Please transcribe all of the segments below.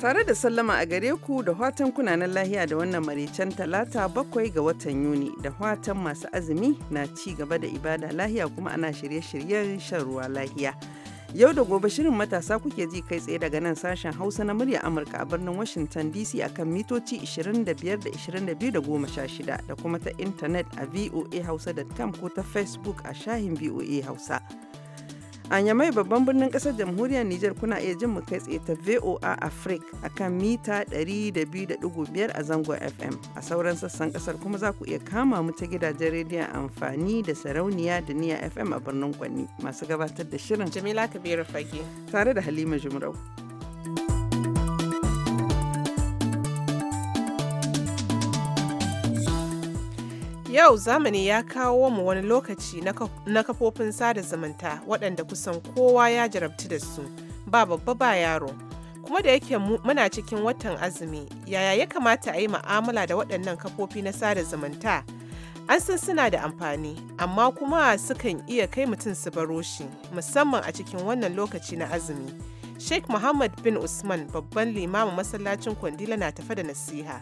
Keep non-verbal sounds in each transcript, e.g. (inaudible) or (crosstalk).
Tare da sallama a gare ku da watan kunanan lahiya da wannan maricen talata bakwai ga watan Yuni da watan masu azumi na ci gaba da ibada lahiya kuma ana shirye-shiryen shan ruwa lahiya. Yau da gobe shirin matasa kuke ji kai tsaye daga nan sashen Hausa na murya Amurka a birnin Washington DC akan mitoci 25 da da kuma ta intanet a voa hausa.com ko ta Facebook a shahin VOA Hausa. A Yamai babban birnin kasar jamhuriyar Nijar kuna iya jin mu kai tsaye ta VOA Africa kan mita 200.5 a zango FM. A sauran sassan kasar kuma za ku iya kama mu ta gidajen rediyon amfani da sarauniya da niya FM a birnin Kwanni. Masu gabatar da shirin Jamila Kabiru Fage. Tare da Halima Jumrau. Yau zamani ya kawo mu wani lokaci na kafofin sada zumunta waɗanda kusan kowa ya jarabtu da su ba babba ba yaro. Kuma da yake muna cikin watan azumi yaya ya kamata a yi ma'amala da waɗannan kafofi na sada zumunta? An san suna da amfani, amma kuma sukan iya kai mutum su baro shi, musamman a cikin wannan lokaci na azumi. Sheikh Muhammad bin Usman babban limamin masallacin kwandila na tafa da nasiha.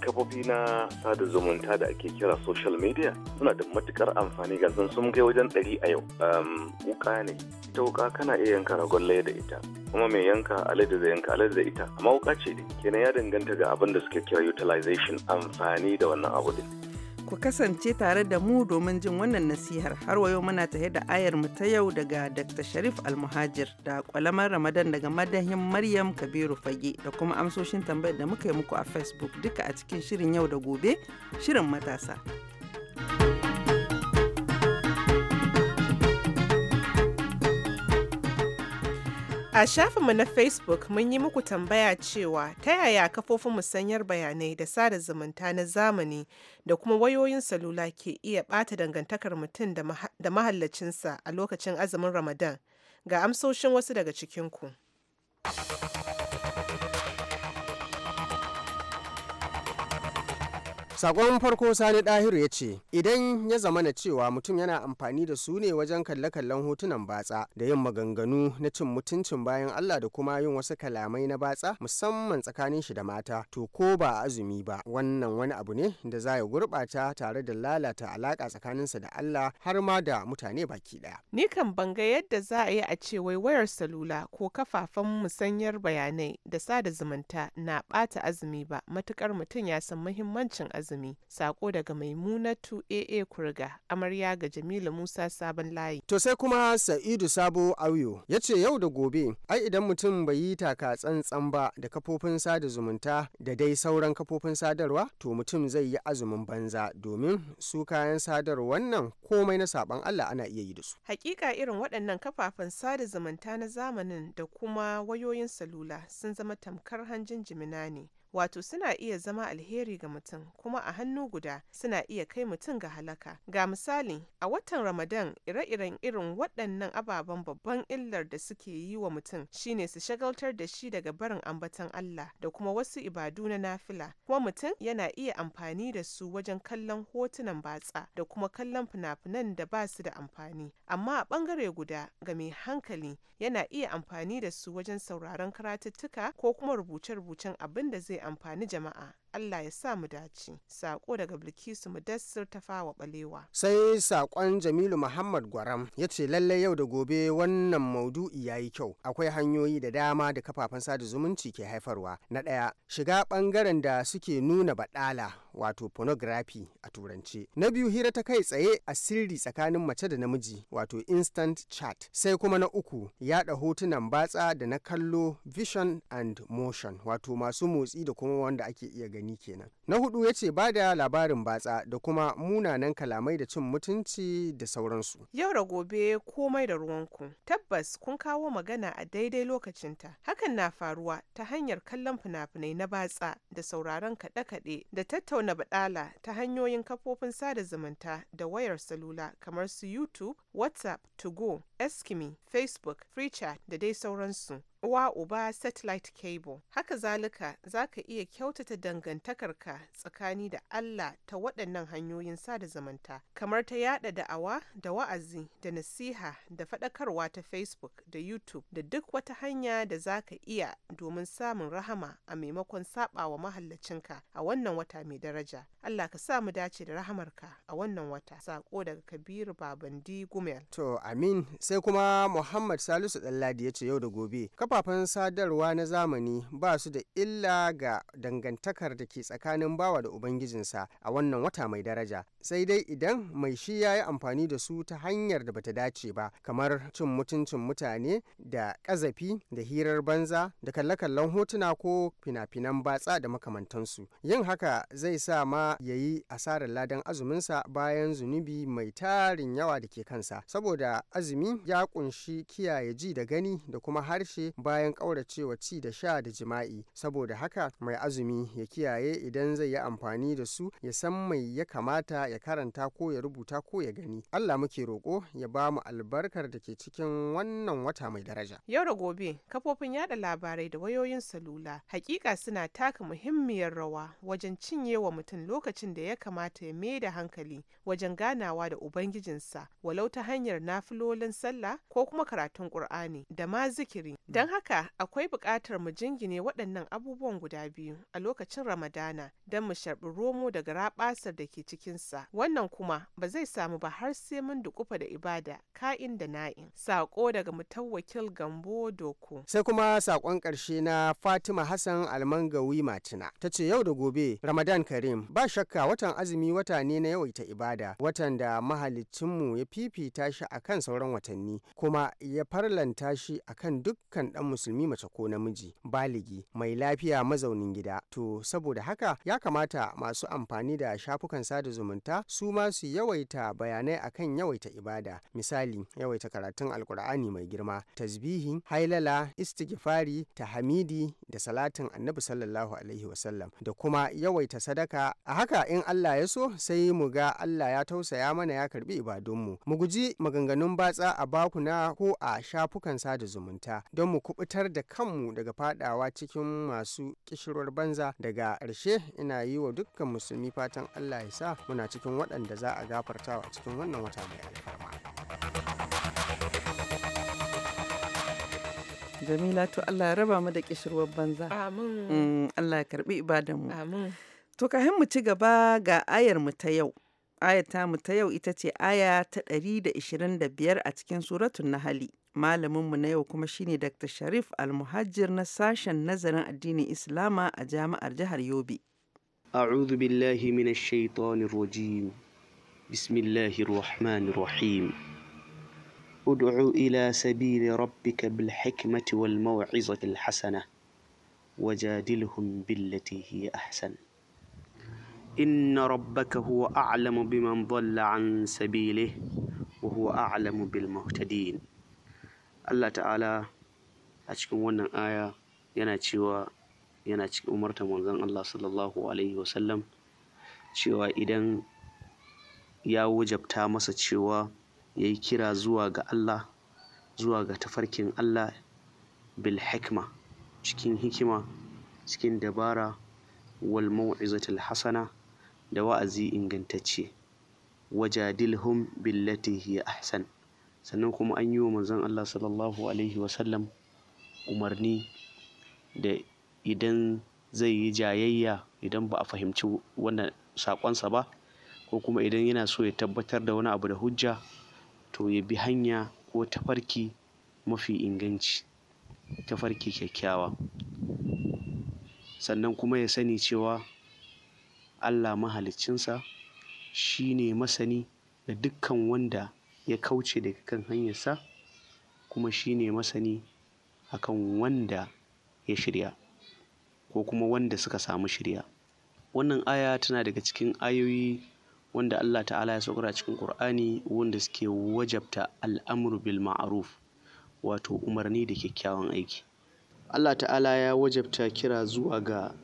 kafofi na sada zumunta da ake kira social media suna da matukar amfani ga sun kai wajen ɗari a yau wuka ne ita wuka kana iya yanka ragon laye da ita kuma mai yanka alade zai yanka alade da ita amma wuka ce ne kenan ya danganta ga abin da suke kira utilization amfani da wannan abu din ku kasance tare da mu domin jin wannan nasihar har wayo muna tahe da ayar mu ta yau daga Dr. Sharif Almuhajir da kwalamar Ramadan daga madahin Maryam Kabiru Fage da kuma amsoshin tambayar da muka yi muku a Facebook duka a cikin shirin yau da gobe shirin matasa. A shafinmu na Facebook mun yi muku tambaya cewa ta yaya kafofin musanyar bayanai da sada zumunta na zamani da kuma wayoyin salula ke iya ɓata dangantakar mutum da mahallacinsa a lokacin azumin Ramadan ga amsoshin wasu daga cikinku. ku. sakon farko sani dahiru ya ce idan ya zama na cewa mutum yana amfani da su ne wajen kalle-kallen hotunan batsa da yin maganganu na cin mutuncin bayan allah da kuma yin wasu kalamai na batsa musamman tsakanin shi da mata to ko ba azumi ba wannan wani abu ne da za ya gurɓata tare da lalata alaƙa tsakaninsa da allah har ma da mutane baki ɗaya ni kan banga yadda za a yi a ce wai wayar salula ko kafafen musanyar bayanai da sada zumunta na ɓata azumi ba matukar mutum ya san muhimmancin azumi azumi sako daga maimunatu aa kurga amarya ga jamilu musa sabon layi to sai kuma sa'idu sabo auyo ya ce yau da gobe ai idan mutum bai yi taka tsantsan ba da kafofin sada zumunta da dai sauran kafofin sadarwa to mutum zai yi azumin banza domin su kayan sadar nan komai na saban allah ana iya yi da su hakika irin waɗannan kafafen sada zumunta na zamanin da kuma wayoyin salula sun zama tamkar hanjin jimina ne wato suna iya zama alheri ga mutum kuma a hannu guda suna iya kai mutum ga halaka ga misali a watan ramadan ire-iren irin waɗannan ababen babban illar da suke yi wa mutum shine su shagaltar da shi daga barin ambatan Allah da kuma wasu ibadu na nafila kuma mutum yana iya amfani da su wajen kallon hotunan batsa da kuma kallon fina-finan da ba su da amfani amma a ɓangare guda ga mai hankali yana iya amfani da su wajen sauraron karatuttuka ko kuma rubuce-rubucen abin da zai amfani jama'a. Allah ya sa mu dace. Sako daga Bilkisu Mudassir ta fawa balewa. Sai sakon Jamilu Muhammad Gwaram ya ce lallai yau da gobe wannan maudu'i yayi kyau. Akwai hanyoyi da dama da kafafen sada zumunci ke haifarwa. Na ɗaya shiga ɓangaren da suke nuna baɗala wato pornography a turance. Na biyu hira ta kai tsaye a sirri tsakanin mace da namiji wato instant chat. Sai kuma na uku yaɗa hotunan batsa da na kallo vision and motion wato masu motsi da kuma wanda ake iya gani. gani kenan na hudu ya ce ba da labarin batsa da kuma munanan kalamai da cin mutunci da sauransu yau da gobe komai da ruwanku tabbas kun kawo magana a daidai lokacinta hakan na faruwa ta hanyar kallon fina-finai na batsa da sauraron kaɗe-kaɗe da tattauna baɗala ta hanyoyin kafofin sada zumunta da wayar salula kamar su youtube whatsapp to go eskimi facebook free da dai sauransu uwa uba satellite cable haka zalika za ka iya kyautata dangantakarka tsakani da allah ta waɗannan hanyoyin sada zamanta kamar ta yada da'awa da wa'azi da nasiha da faɗakarwa ta facebook da youtube da duk wata hanya da za ka iya domin samun rahama a maimakon saɓawa mahallacinka a wannan wata mai daraja allah ka sa mu dace da rahamarka a wannan wata sako daga kabiru babandi gumel to amin sai kuma muhammad salisu ɗanladi ya ce yau da gobe kafafen sadarwa na zamani ba su da illa ga dangantakar da ke tsakanin bawa da ubangijinsa a wannan wata mai daraja sai dai idan mai shi ya yi amfani da su ta hanyar da bata dace ba kamar cin mutuncin mutane da ƙazafi da hirar banza da kalle-kallen hotuna ko fina-finan batsa da makamantansu yin haka zai sa ma ya yi asarar ladan azuminsa bayan zunubi mai tarin yawa da ke kansa saboda azumi ya kunshi kiyaye ji da gani da kuma harshe bayan ƙauracewa ci da sha da jima'i saboda haka mai azumi ya kiyaye idan zai yi amfani da su ya san mai ya kamata ya karanta ko ya rubuta ko ya gani Allah muke roƙo ya ba mu albarkar da ke cikin wannan wata mai daraja yau da gobe kafofin yada labarai da wayoyin salula hakika suna taka muhimmiyar rawa wajen cinye wa mutum lokacin da ya kamata ya mai da hankali wajen ganawa da ubangijinsa walau ta hanyar nafilolin sallah ko kuma karatun ƙur'ani da ma zikiri don haka akwai buƙatar mu jingine waɗannan abubuwan guda biyu a lokacin Ramadana don mu sharɓi romo daga raɓasar da ke cikinsa. Wannan kuma ba zai samu ba har sai mun dukufa da ibada ka'in da na'in. Saƙo daga mutawakil Gambo Doko. Sai kuma saƙon ƙarshe na Fatima Hassan Almangawi Matina. Ta ce yau da gobe Ramadan Karim ba shakka watan azumi wata ne na yawaita ibada watan da mahalicinmu ya fifita shi akan sauran watanni kuma ya farlanta shi akan dukkan ɗan musulmi mace ko namiji baligi mai lafiya mazaunin gida to saboda haka ya kamata masu amfani da shafukan sada zumunta su ma su yawaita bayanai akan yawaita ibada misali yawaita karatun alkur'ani mai girma tasbihin, hailala istighfari tahamidi da salatin annabi sallallahu alaihi wasallam da kuma yawaita sadaka a haka in Allah ya so sai mu ga Allah ya tausaya mana ya karbi ibadunmu mu guji maganganun batsa a bakuna ko a shafukan sada zumunta don mu kubutar da kanmu daga fadawa cikin masu kishirwar banza daga ƙarshe ina yi wa dukkan musulmi fatan allah ya sa muna cikin waɗanda za a gafartawa cikin wannan wata mai alfarma jamila to allah ya raba mu da kishirwar banza amin mm, allah ya karbi ibadanmu amin to kahin mu ci gaba ga ayar mu ta yau Ayata ta mu ta yau ita ce aya ta 125 a cikin suratun nahali Malaminmu na yau kuma shine Dr. Sharif Almuhajir na sashen nazarin addinin Islama a jami'ar jihar Yobe. أعوذ بالله من الشيطان الرجيم بسم الله الرحمن الرحيم ادع إلى سبيل ربك بالحكمة والموعظة الحسنة وجادلهم بالتي هي أحسن إن ربك هو أعلم بمن ضل عن سبيله وهو أعلم بالمهتدين Allah ta'ala a cikin wannan aya yana cewa yana cikin umarta manzon Allah sallallahu alaihi wasallam cewa idan ya wajabta masa cewa ya yi kira zuwa ga Allah zuwa ga tafarkin Allah bil hikma cikin hikima cikin dabara wal mau'izatul hasana da wa'azi ingantacce wajadilhum billati hiya ahsan sannan kuma an yi wa manzon Allah sallallahu alaihi wasallam umarni da idan zai yi jayayya idan ba a fahimci wannan saƙonsa ba ko kuma idan yana so ya tabbatar da wani abu da hujja to ya bi hanya ko tafarki mafi inganci tafarki kyakkyawa sannan kuma ya sani cewa Allah mahaliccinsa shi ne masani da dukkan wanda ya kauce daga kan hanyarsa kuma shi ne masani a kan wanda ya shirya ko kuma wanda suka samu shirya wannan aya tana daga cikin ayoyi wanda Allah ta'ala ya saukar a cikin Qur'ani wanda suke wajabta al'amru bil ma'ruf wato umarni da kyakkyawan aiki Allah ta'ala ya wajabta kira zuwa ga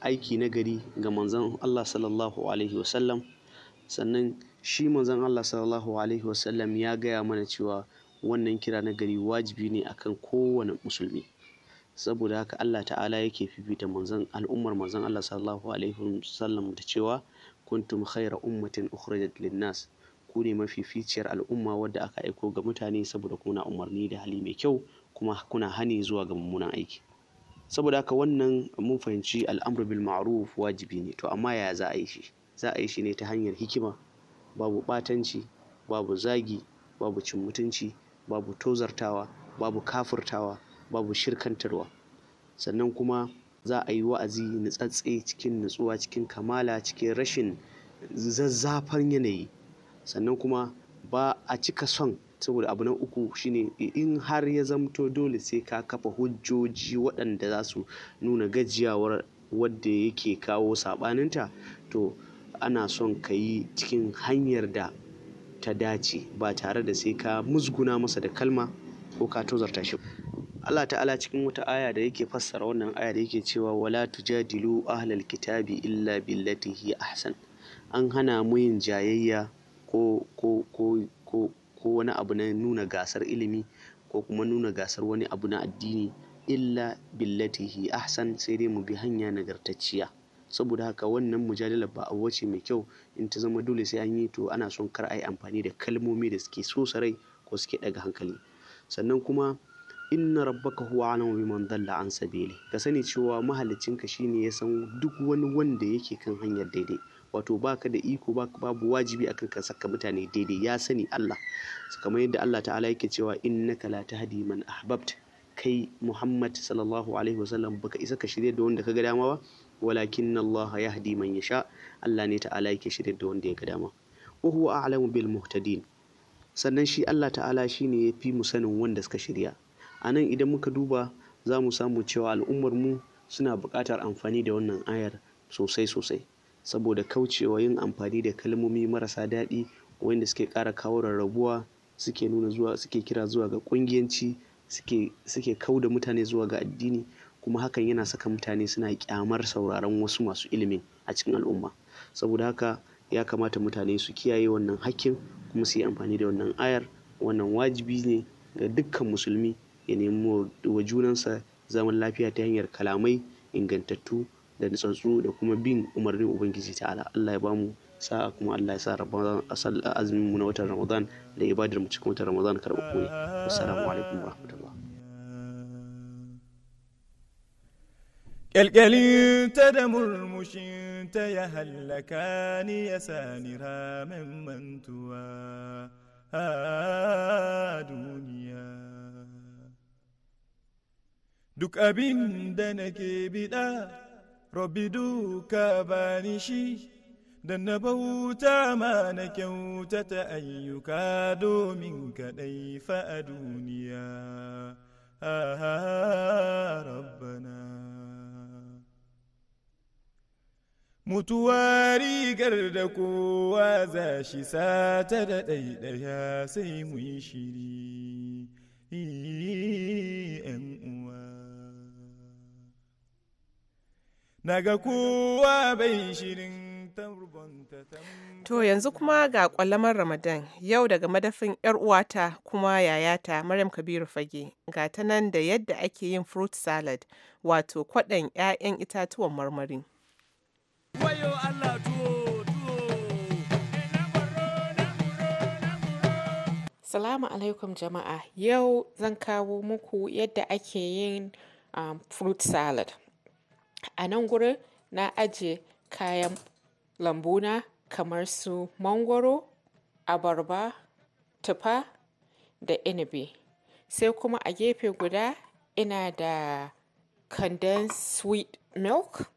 aiki na gari ga manzon Allah sallallahu alaihi wasallam sannan shi manzon Allah sallallahu alaihi wasallam ya gaya mana cewa wannan kira na gari wajibi ne akan kowane musulmi saboda haka Allah ta'ala yake fifita manzon al'ummar manzon Allah sallallahu alaihi wasallam da cewa kuntum khaira ummatin ukhrijat linnas ku ne mafi ficiyar al'umma wadda aka aiko ga mutane saboda kuna umarni da hali mai kyau kuma kuna hani zuwa ga mummunan aiki saboda haka wannan mun fahimci al'amru bil ma'ruf wajibi ne to amma ya za a yi shi za a yi shi ne ta hanyar hikima babu ɓatanci babu zagi babu cin mutunci babu tozartawa babu kafurtawa babu shirkantarwa sannan kuma za a yi wa'azi nutsatse cikin nutsuwa cikin kamala cikin rashin zazzafan yanayi sannan kuma ba a cika son saboda abu na uku shine in har ya zamto dole sai ka kafa hujjoji waɗanda za su nuna gajiyawar wadda yake kawo saɓaninta to ana son ka yi cikin hanyar da ta dace ba tare da sai ka musguna masa da kalma ko ka tozarta shi Allah ta'ala cikin wata aya da yake fassara wannan aya da yake cewa wala tujadilu ahlal kitabi illa billati hi ahsan an hana mu yin jayayya ko ko ko ko ko wani abu na nuna gasar ilimi ko kuma nuna gasar wani abu na addini illa billati hi ahsan sai dai mu bi hanya nagartacciya saboda haka wannan mujadalar ba a ce mai kyau in ta zama dole sai an yi to ana son kar a yi amfani da kalmomi da suke so sarai ko suke daga hankali sannan kuma inna rabbaka huwa alamu biman dalla an sabili ka sani cewa mahallicin ka shine ya san duk wani wanda yake kan hanyar daidai wato baka da iko baka babu wajibi akan ka saka mutane daidai ya sani Allah kamar yadda Allah ta'ala yake cewa innaka la tahdi man ahbabt kai Muhammad sallallahu alaihi wasallam baka isa ka shirye da wanda ka ga dama ba walakin Allah ya hadi man ya sha Allah ne ta'ala yake shirin da wanda ya ga dama wa huwa a'lamu bil muhtadin sannan shi Allah ta'ala shine ya fi mu sanin wanda suka shirya anan idan muka duba za mu samu cewa al'ummar mu suna buƙatar amfani da wannan ayar sosai sosai saboda kaucewa yin amfani da kalmomi marasa daɗi wanda suke ƙara kawo rarrabuwa suke nuna zuwa suke kira zuwa ga ƙungiyanci suke kauda mutane zuwa ga addini kuma hakan yana saka mutane suna kyamar sauraron wasu masu ilimin a cikin al'umma saboda haka ya kamata mutane su kiyaye wannan hakkin kuma su yi amfani da wannan ayar wannan wajibi ne ga dukkan musulmi ya nemi wa junansa zaman lafiya ta hanyar kalamai ingantattu da nutsatsu da kuma bin umarnin ubangiji ta ala Allah ya bamu sa'a kuma Allah ya sa Ramadan asal azumin mu na watan Ramadan da ibadar mu cikin watan Ramadan karɓa kuma ne assalamu alaikum warahmatullahi Ƙyalƙyalinta da murmushinta ya hallaka ni ya sani ramin mantuwa a duniya. Duk abin da nake biɗa, Rabbi duka bani shi, da na bauta ma na ta ayyuka domin kaɗai fa a duniya. Ah, ah, ah rabbana. mutuwa rigar da kowa za shi sata da ɗaiɗaya sai mu yi shiri uwa. Naga kowa bai shirin To yanzu kuma ga kwalamar Ramadan yau daga madafin 'yar uwata kuma yayata Maryam Kabiru Fage ga ta nan da yadda ake yin fruit salad wato kwaɗon 'ya'yan itatuwan marmari. Salamu alaikum jama'a yau zan kawo muku yadda ake yin um, fruit salad. A nan gurin na aje kayan lambuna kamar su mangoro abarba, tufa da inabi. Sai kuma a gefe guda ina da condensed sweet milk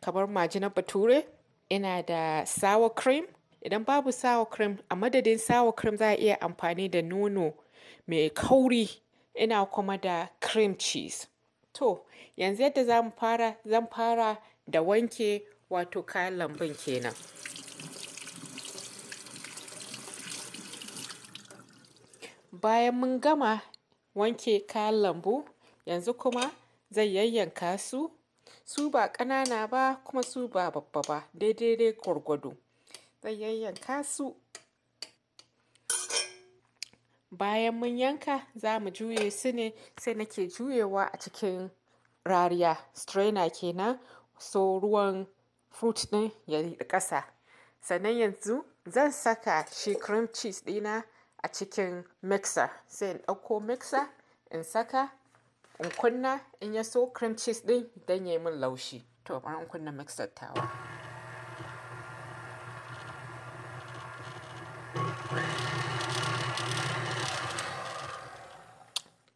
kamar na bature ina da sour cream idan babu sour cream a madadin sour cream za a iya amfani da nono mai kauri ina kuma da cream cheese to yanzu yadda za fara zan fara da wanke wato kayan lambun kenan bayan mun gama wanke kayan lambu yanzu kuma zai yayyanka su su ba ƙanana ba kuma su ba babba ba daidai dai gwargwado zan yayyanka su bayan mun yanka za mu juye su ne sai nake juyewa a cikin rariya strainer kenan so ruwan fruit ɗin ya ƙasa sannan yanzu zan saka shi cream cheese ɗina a cikin mixer sai in ɗauko mixer in saka in kunna in ya so cream cheese din dan yayi min laushi to bari in kunna mixer tawa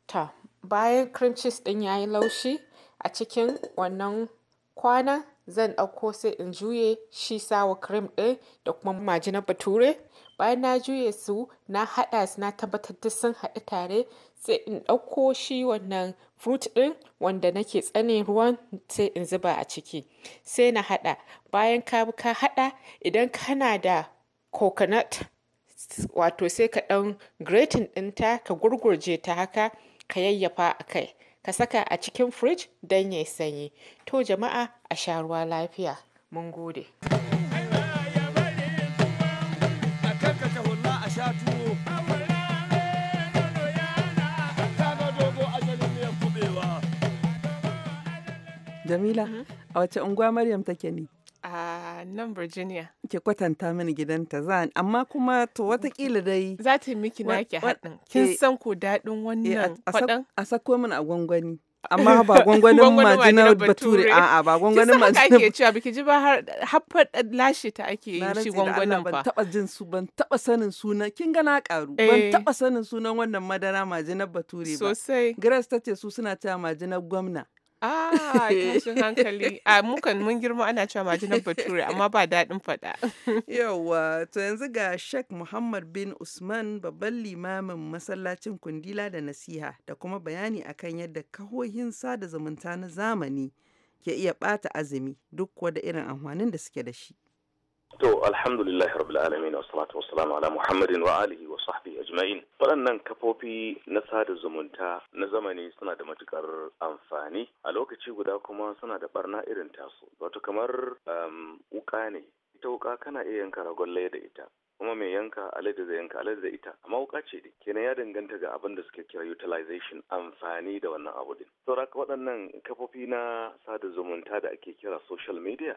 ta bayan cream cheese din yayi laushi a cikin wannan kwana zan ɗauko sai in juye shi sawa cream ɗin da kuma majina bature bayan na juye su na haɗa su na tabbatar duk sun haɗu tare sai in ɗauko shi wannan fruit ɗin wanda nake tsane ruwan sai in zuba a ciki sai na haɗa bayan ka ka haɗa idan kana da coconut wato sai ka ɗan grating ɗinta ka gurgurje ta haka ka yayyafa a kai ka saka a cikin fridge don ya sanyi to jama'a a sha ruwa lafiya mun gode Jamila, mm-hmm. a wace unguwa Maryam take ni? a nan Virginia. Ke kwatanta mini gidanta za amma kuma to watakila dai. Za ta miki na ke haɗin. Kin san ko daɗin eh, wannan faɗan? A sako min a gwangwani. (laughs) Amma ba gwangwanin majinar bature a'a ba gwangwanin majinar. Kisa ka ake cewa biki ji ba har haffar lashe ta ake yin shi gwangwanin ba. Ban taɓa jin su ban taɓa sanin suna kin ga na ƙaru. Ban eh. taɓa sanin sunan wannan madara ma bature ba. Sosai. Grace ta ce su suna cewa majinar gwamna. Ah, (laughs) hankali. A mukan mun girma ana cewa majinar bature amma ba daɗin faɗa. (laughs) Yawwa, to yanzu ga Sheikh Muhammad bin Usman babban limamin masallacin kundila da nasiha da kuma bayani akan yadda kahohin sada zumunta na zamani ke iya ɓata azumi duk wada irin amfanin da suke da shi. To alhamdulillahi rabbil alamin wa salatu wa salamu ala Muhammadin wa alihi wa sahbihi ajma'in. Waɗannan kafofi na sada zumunta na zamani suna da matukar amfani a lokaci guda kuma suna da barna irin tasu. Wato kamar um, wuka ne. Ita wuka kana iya yanka ragon da ita. kuma mai yanka alade zai yanka alade da ita amma wuka ce dai kenan ya danganta ga abin da suke kira utilization amfani da wannan abu din saboda waɗannan kafofi na sada zumunta da ake kira social media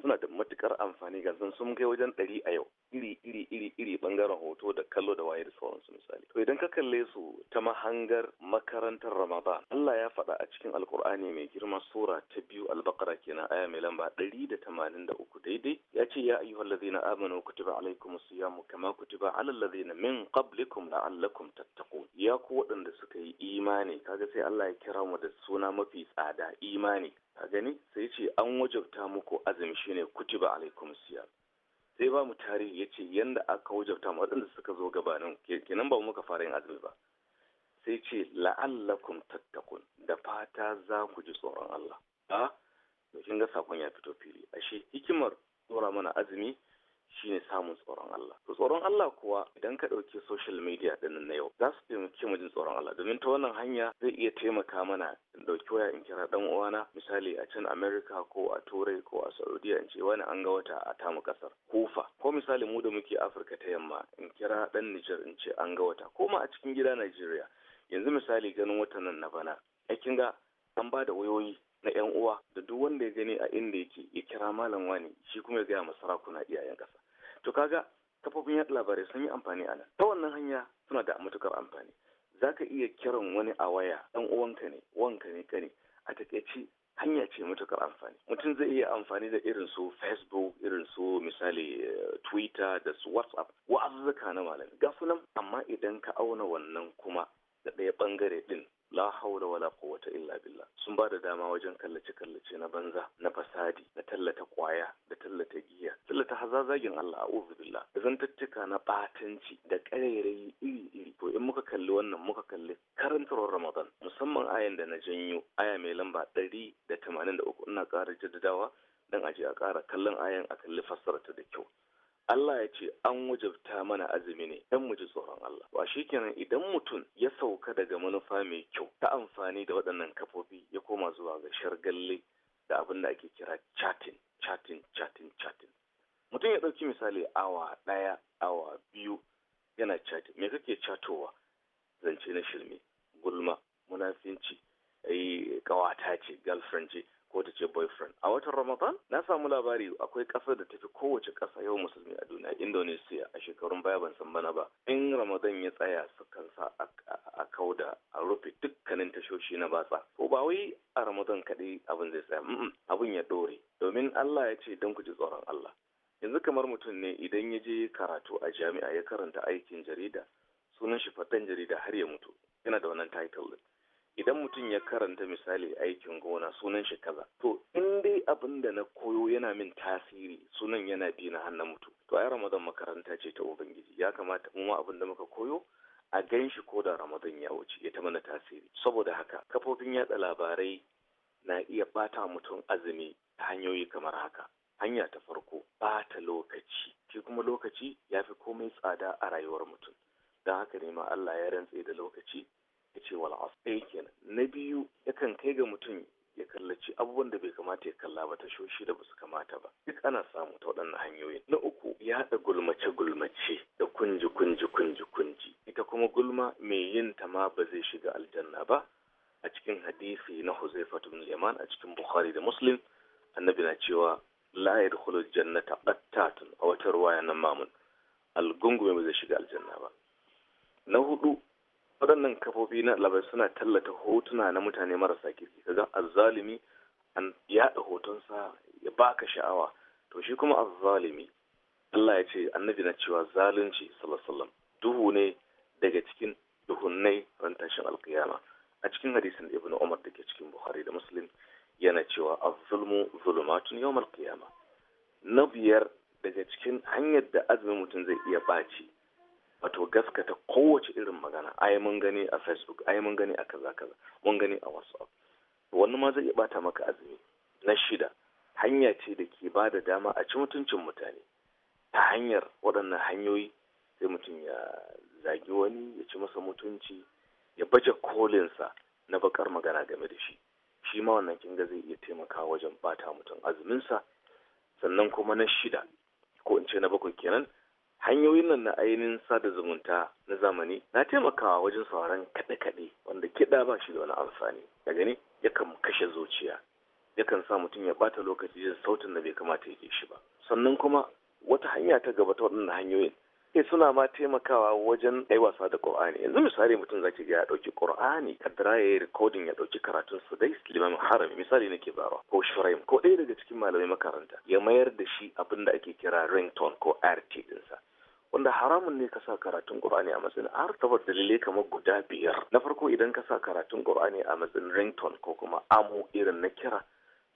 suna da matukar amfani ga sun sun kai wajen ɗari a yau iri iri iri iri bangaren hoto da kallo da wayar sauransu misali to idan ka kalle su ta mahangar makarantar Ramaba. Allah ya faɗa a cikin alkur'ani mai girma sura ta biyu albakara kenan aya mai lamba ɗari da tamanin da uku daidai ya ce ya ayyuhal ladzina amanu kutiba alaikum siyamu kama kutiba alal na min qablikum la'allakum tattaqun ya ku waɗanda suka yi imani kaga sai Allah ya kira mu da suna mafi tsada imani a gani sai ce an wajabta muku azumi shine kutiba alaikum siyam sai ba mu tarihi yace ce yadda aka wajabta mu waɗanda suka zo gabanin kenan ba muka fara yin azumi ba sai ce la'allakum tattakun da fata za ku ji tsoron Allah a ah, kin ga sakon ya fito fili ashe hikimar tsora mana azumi shine samun tsoron Allah. To tsoron Allah kuwa idan ka ɗauki social media ɗin na yau za su taimaki mu jin tsoron Allah domin ta wannan hanya zai iya taimaka mana in ɗauki waya in kira ɗan uwana misali a can America ko a Turai ko a Saudiya in ce wani an ga wata a tamu ƙasar Kufa ko misali mu da muke Afirka ta yamma in kira ɗan Nijar in ce an ga wata ko ma a cikin gida Najeriya yanzu misali ganin watan nan na bana. kin ga an ba da wayoyi na 'yan uwa da duk wanda ya gani a inda yake ya kira malam wani shi kuma ya gaya masarakuna iyayen ƙasa to kaga kafofin yaɗa labarai sun yi amfani a nan ta wannan hanya suna da matukar amfani za ka iya kiran wani a waya ɗan uwanka ne uwanka ne kane a takaice hanya ce matukar amfani mutum zai iya amfani da irin su facebook irin su misali eh, twitter da su whatsapp wa'azuzzuka na malami ga nan. amma idan ka auna wannan kuma da ɗaya bangare ɗin la haula wala quwwata illa billah sun ba da dama wajen kallace kallace na banza na fasadi na tallata kwaya da tallata giya tallata hazazagin Allah a'udhu billah da zantattuka na batanci da ƙarairayi iri iri to in muka kalli wannan muka kalli karantarwar Ramadan musamman ayan da na janyo aya mai lamba ɗari da tamanin da uku ina ƙara jaddadawa dan aje a ƙara kallon ayan a kalli fassararta da kyau Allah ya ce an wajabta mana azumi ne dan mu ji tsoron Allah wa kenan idan mutum ya sauka daga manufa mai kyau ta amfani da waɗannan kafofi ya koma zuwa ga shargalle da abin da ake kira chatting chatting chatting chatting mutum ya ɗauki misali awa ɗaya awa biyu yana chatting me kake chatowa zance na shirme gulma munafinci ai kawata ce girlfriend ce ko ta ce boyfriend a watan ramadan na samu labari akwai kasar da tafi kowace kasa yau musulmi a duniya indonesia a shekarun baya ban san bana ba in ramadan ya tsaya su kansa a kauda a rufe dukkanin tashoshi na batsa ko ba wai a ramadan kaɗai abin zai tsaya abin ya ɗore domin allah ya ce don ku ji tsoron allah yanzu kamar mutum ne idan ya je karatu a jami'a ya karanta aikin jarida sunan shi faɗan jarida har ya mutu yana da wannan title din idan mutum ya karanta misali aikin gona sunan shi kaza to in dai abin da na koyo yana min tasiri sunan yana dina hannun mutum, to ai ramadan makaranta ce ta ubangiji ya kamata mu ma abin da muka koyo a gan shi ko da ramadan ya wuce ya ta mana tasiri saboda haka kafofin yatsa labarai na iya bata mutum azumi ta hanyoyi kamar haka hanya ta farko bata lokaci shi kuma lokaci ya fi komai tsada a rayuwar mutum don haka ne ma Allah ya rantse da lokaci ya ce wala eh kenan na biyu yakan kai ga mutum ya kallaci abubuwan da bai kamata ya kalla ba tashoshi da basu kamata ba duk ana samu ta waɗannan hanyoyin na uku ya haɗa gulmace gulmace da kunji kunji kunji kunji ita kuma gulma mai yin ta ma ba zai shiga aljanna ba a cikin hadisi na huzaifa bin Yaman a cikin Bukhari da Muslim annabi na cewa la yadkhulu jannata qattatun a wata ruwaya na mamun al-gungu gungume ba zai shiga aljanna ba na hudu waɗannan kafofi na labarai suna tallata hotuna na mutane marasa kirki kaga azzalimi an yaɗa hotonsa ya baka sha'awa to shi kuma azzalimi Allah ya ce annabi na cewa zalunci sallallahu duhu ne daga cikin duhunnai ran tashin alkiyama a cikin hadisin ibnu umar da ke cikin bukhari da muslim yana cewa az-zulmu zulumatun yawm al na biyar daga cikin hanyar da azumin mutum zai iya baci wato gaskata kowace irin magana ai mun gani a facebook ai mun gani a kaza kaza mun gani a whatsapp wannan ma zai iya bata maka azumi na shida hanya ce da ke ba da dama a ci mutuncin mutane ta hanyar waɗannan hanyoyi sai mutum ya zagi wani ya ci masa mutunci ya baje kolinsa na bakar magana game da shi shi ma wannan kinga zai iya taimakawa wajen bata mutum azuminsa sannan kuma na shida ko in ce na bakwai kenan hanyoyin nan na ainihin sada zumunta na zamani na taimakawa wajen sauran kaɗe-kaɗe wanda kiɗa ba shi da wani amfani daga gani yakan kashe zuciya yakan sa mutum ya bata lokaci jin sautin da bai kamata ya shi ba sannan kuma wata hanya ta gaba ta waɗannan hanyoyin e suna ma taimakawa wajen ai wasa da ƙur'ani. yanzu misali mutum zaki ga ya ɗauki ƙur'ani, kaddara ya yi recording ya ɗauki karatun su dai limamin harami misali nake bawa ko shuraim ko ɗaya daga cikin malamai makaranta ya mayar da shi abin da ake kira ringtone ko RT ɗinsa wanda haramun ne ka sa karatun Qur'ani a matsayin har ta dalilai kamar guda biyar na farko idan ka sa karatun Qur'ani a matsayin rington ko kuma amo irin na kira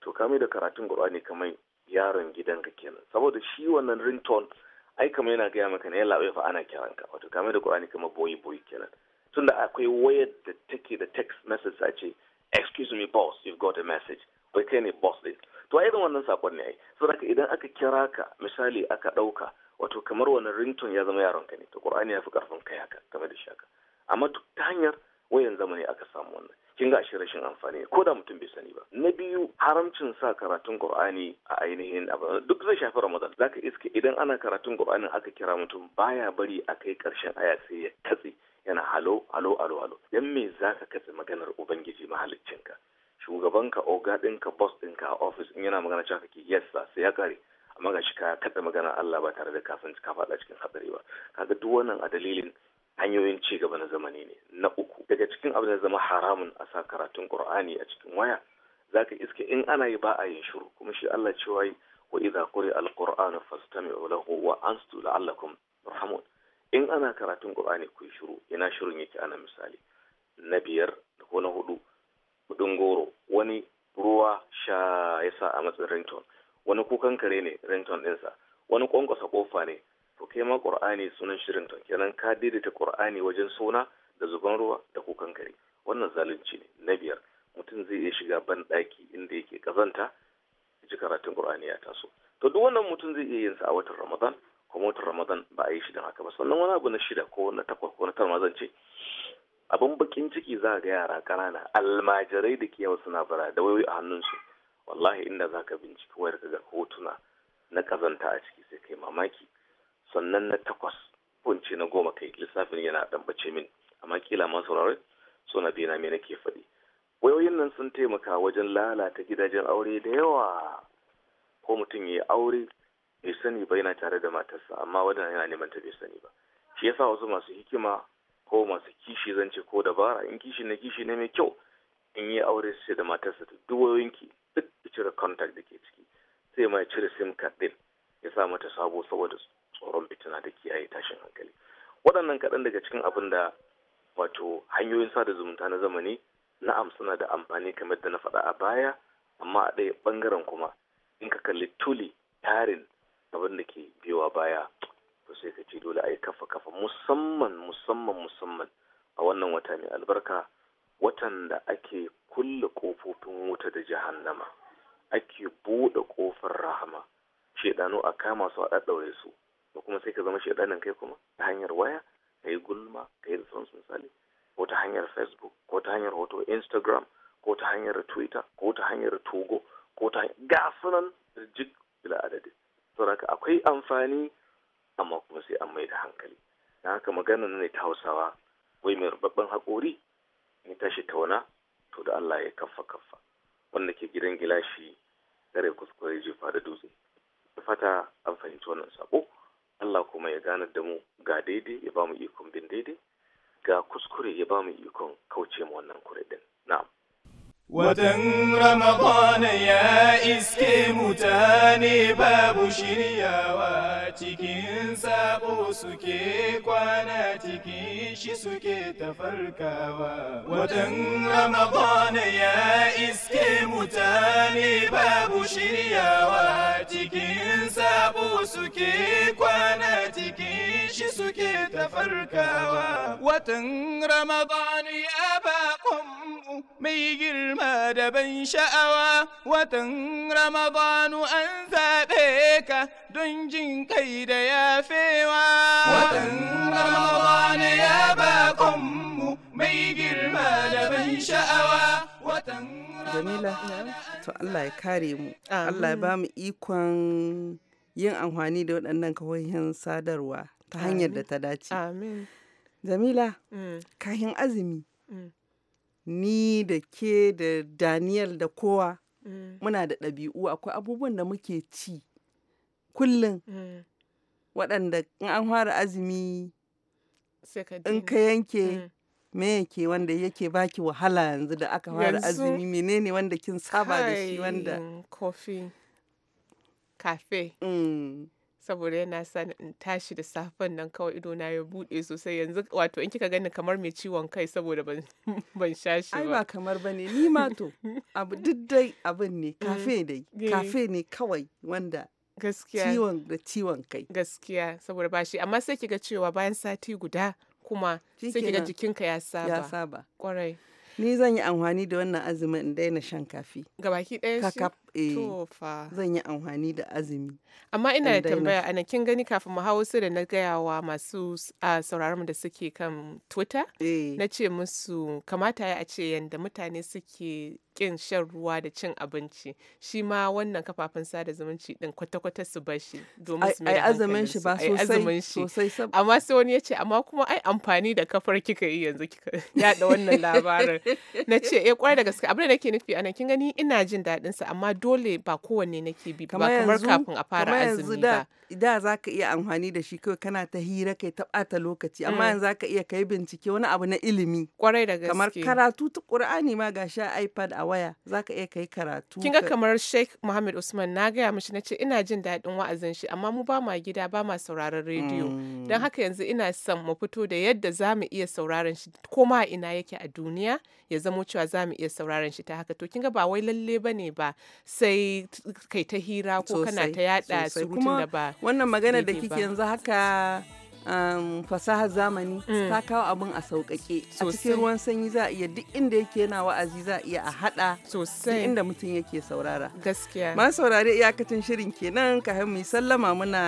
to ka da karatun Qur'ani kamar yaron gidan ka kenan saboda shi wannan rington ai kamar yana gaya maka ne ya labe fa ana ka wato kame da Qur'ani kamar boyi boyi kenan tunda akwai wayar da take da text message a ce excuse me boss you've got a message wai kai ne boss din to a irin wannan sakon ne ai saboda idan aka kira ka misali aka ɗauka wato kamar wani rington ya zama yaron ka ne to qur'ani ya fi karfin kai haka game da shi haka amma duk ta hanyar wayan zamani aka samu wannan kin ga shi rashin amfani ko da mutum bai sani ba na biyu haramcin sa karatun qur'ani a ainihin duk zai shafi ramadan zaka iske idan ana karatun qur'ani aka kira mutum baya bari a kai karshen aya sai ya katse yana halo halo halo halo dan me zaka katse maganar ubangiji mahaliccinka shugabanka oga dinka boss ɗinka a office in yana magana cewa kake yes sai ya kare amma ga ka kaɗa magana Allah ba tare da kafin san ka faɗa cikin hatsari ba kaga duk wannan a dalilin hanyoyin ci gaba na zamani ne na uku daga cikin abin da zama haramun a sa karatun Qur'ani a cikin waya zaka iske in ana yi ba a yin shiru kuma shi Allah cewa wa idza quri al-qur'anu fastami'u lahu wa anstu la'allakum turhamun in ana karatun Qur'ani ku yi shiru ina shirin yake ana misali na biyar ko na hudu kudin goro wani ruwa sha yasa a matsayin ringtone wani kukan kare ne rington ɗinsa wani kwankwasa kofa ne to kai ma qur'ani sunan shirin ta kenan ka daidaita qur'ani wajen suna da zuban ruwa da kukan kare wannan zalunci ne na biyar mutum zai iya shiga ban ɗaki inda yake kazanta ji karatun qur'ani ya taso to duk wannan mutum zai iya yin sa a watan ramadan kuma watan ramadan ba a yi shi da haka ba sannan wani abu na shida ko na takwas ko na tara zan ce abin bakin ciki za ga yara ƙanana almajirai da ke suna bara da wayoyi a hannunsu wallahi inda za ka binciki wayar ga hotuna na kazanta a ciki sai kai mamaki sannan na takwas kunce na goma kai lissafin yana dan bace min amma kila ma saurare suna bina me nake faɗi wayoyin nan sun taimaka wajen lalata gidajen aure da yawa ko mutum ya yi aure bai sani ba yana tare da matarsa amma wadda yana neman ta bai sani ba shi yasa wasu masu hikima ko masu kishi zance ko dabara in kishi na kishi ne mai kyau in yi aure sai da matarsa ta duk wayoyinki duk cire contact da ke ciki sai ma ya cire sim card din ya sa mata sabo saboda tsoron fitina da kiyaye tashin hankali waɗannan kaɗan daga cikin abin da wato hanyoyin sada zumunta na zamani na'am suna da amfani kamar da na faɗa a baya amma a ɗaya ɓangaren kuma in ka kalli tuli tarin abin da ke biyowa baya to sai ka ce dole a yi kafa kafa musamman musamman musamman a wannan wata mai albarka watan da ake kulle kofofin wuta da jahannama. ake buɗe ƙofar rahama shaidanu a kama su a ɗaɗɗaure su da kuma sai ka zama shaidanin kai kuma ta hanyar waya ka yi gulma ka yi sauransu misali ko ta hanyar facebook ko ta hanyar hoto instagram ko ta hanyar twitter ko ta hanyar togo ko ta ga sunan jik bila adadi saboda akwai amfani amma kuma sai an mai da hankali don haka magana ne ta hausawa wai mai rubabban haƙori ni tashi tauna to da Allah ya kaffa kaffa wanda ke gidan gilashi kare kuskure jefa da dutse da fata an fahimci wannan sako Allah kuma ya ganar da mu ga daidai ya ba mu ikon bin daidai ga kuskure ya ba mu ikon kauce mu wannan kure din na'am Watan Ramadana ya iske mutane babu shiryawa cikin sabo suke kwana cikin shi suke tafarkawa. Watan Ramadana ya iske mutane babu shiryawa cikin sabo suke kwana cikin ke ta farkawa watan ramadan ya mu mai girma da ban sha'awa watan ramadan an zaɓe ka don jin kai da yafewa watan ramadan ya baƙon mai girma da ban sha'awa watan Jamila, to Allah ya kare mu, Allah ya ba mu ikon yin amfani da waɗannan kawai sadarwa ta hanyar da ta dace. Amin. Jamila, mm. kayan azumi, mm. ni da ke da Daniel da kowa mm. muna da ɗabi'u akwai abubuwan da muke ci kullum mm. waɗanda an fara azumi in ka yanke me yake wanda yake baki wahala yanzu da aka fara azumi menene wanda kin saba da shi wanda saboda yana sa in tashi da safen nan kawai ido na ya bude sosai yanzu wato in kika gani kamar mai ciwon kai saboda ban (laughs) ban sha shi ba ai ba kamar bane ni ma to (laughs) abu diddai abin ne kafe mm. dai kafe eh. ne kawai wanda gaskiya ciwon da ciwon kai gaskiya saboda ba shi amma sai kiga cewa bayan sati guda kuma sai kiga jikinka ya saba ya saba kwarai ni zan yi amfani da wannan azumin in daina shan kafi gabaki ɗaya shi Eh, zan yi amfani da azumi amma ina da tambaya ana kin gani kafin mu hawo su da na gaya wa masu ah, sauraron da suke kan twitter eh. na ce musu kamata ya a ce yadda mutane suke kin shan ruwa da cin abinci shi ma wannan kafafen sada zumunci din kwata-kwata su bar shi domin su ai azumin shi ba sosai sosai amma sai wani ya ce amma kuma ai amfani da kafar kika yi yanzu kika (laughs) yada wannan labarin na ce eh kwarai da gaske abin da nake nufi ana kin gani ina jin daɗinsa amma duk dole ba kowanne nake bi ba kamar kafin a fara azumi ba da za ka iya amfani da shi kawai kana ta hira kai ta ɓata lokaci amma mm. yanzu za ka iya kai bincike wani abu na ilimi kwarai da gaske kamar karatu ta qur'ani ma ga sha ipad a waya za ka iya kai karatu kin ga kamar sheikh muhammad usman na gaya mishi na ce ina jin daɗin wa'azin shi amma mu ba ma gida ba ma sauraron rediyo mm. don haka yanzu ina son mu fito da yadda za mu iya sauraron shi ko ma ina yake a duniya ya zamo cewa za mu iya sauraron shi ta haka to kin ga ba wai lalle ba ne ba sai kai ta hira ko kana ta yada su kuma ba wannan magana da kike yanzu haka um, fasahar zamani mm. ta kawo abin a sauƙaƙe a cikin ruwan sanyi za a iya duk inda yake yana wa'azi za a iya a haɗa sosai inda mutum yake saurara gaskiya ma saurare iyakacin shirin kenan ka mu sallama muna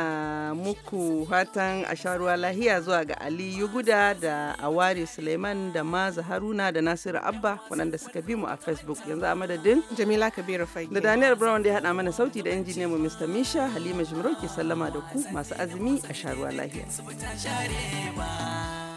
muku fatan a sharuwa lahiya zuwa ga Ali Yuguda da Aware Suleiman da Maza Haruna da Nasiru Abba waɗanda suka bi mu a Facebook yanzu a madadin Jamila Kabiru Fai. da Daniel Brown da ya haɗa mana sauti da injiniyan mu Mr. Misha Halima Jimro ke sallama da ku masu azumi a sharuwa lahiya na share